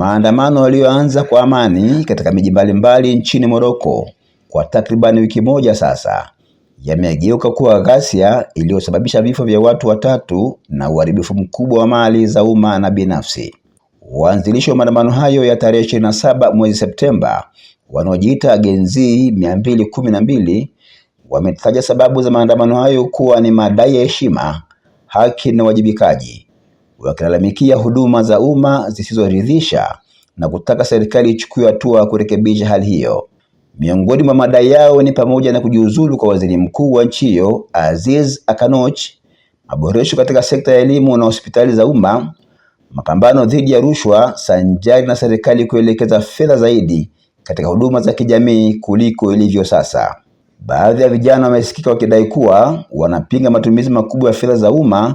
Maandamano yaliyoanza kwa amani katika miji mbalimbali nchini Morocco kwa takribani wiki moja sasa yamegeuka kuwa ghasia iliyosababisha vifo vya watu watatu na uharibifu mkubwa wa mali za umma na binafsi. Waanzilishi wa maandamano hayo ya tarehe ishirini na saba mwezi Septemba wanaojiita Genzii mia mbili kumi na mbili wametaja sababu za maandamano hayo kuwa ni madai ya heshima, haki na uwajibikaji wakilalamikia huduma za umma zisizoridhisha na kutaka serikali ichukue hatua kurekebisha hali hiyo. Miongoni mwa madai yao ni pamoja na kujiuzulu kwa waziri mkuu wa nchi hiyo Aziz Akanoch, maboresho katika sekta ya elimu na hospitali za umma, mapambano dhidi ya rushwa sanjari na serikali kuelekeza fedha zaidi katika huduma za kijamii kuliko ilivyo sasa. Baadhi ya vijana wamesikika wakidai kuwa wanapinga matumizi makubwa ya fedha za umma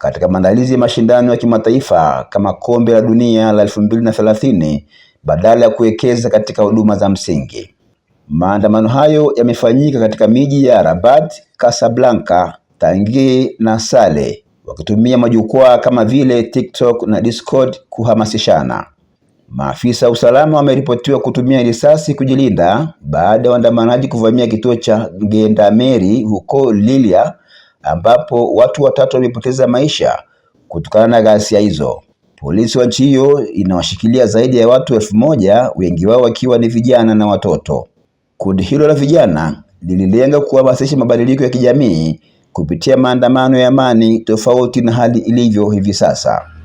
katika maandalizi ya mashindano ya kimataifa kama kombe la dunia la elfu mbili na thelathini badala ya kuwekeza katika huduma za msingi. Maandamano hayo yamefanyika katika miji ya Rabat, Casablanca, Tangier na Sale wakitumia majukwaa kama vile TikTok na Discord kuhamasishana. Maafisa wa usalama wameripotiwa kutumia risasi kujilinda baada ya waandamanaji kuvamia kituo cha Gendarmerie huko Lilia ambapo watu watatu wamepoteza maisha kutokana na ghasia hizo. Polisi wa nchi hiyo inawashikilia zaidi ya watu elfu moja, wengi wao wakiwa ni vijana na watoto. Kundi hilo la vijana lililenga kuhamasisha mabadiliko ya kijamii kupitia maandamano ya amani tofauti na hali ilivyo hivi sasa.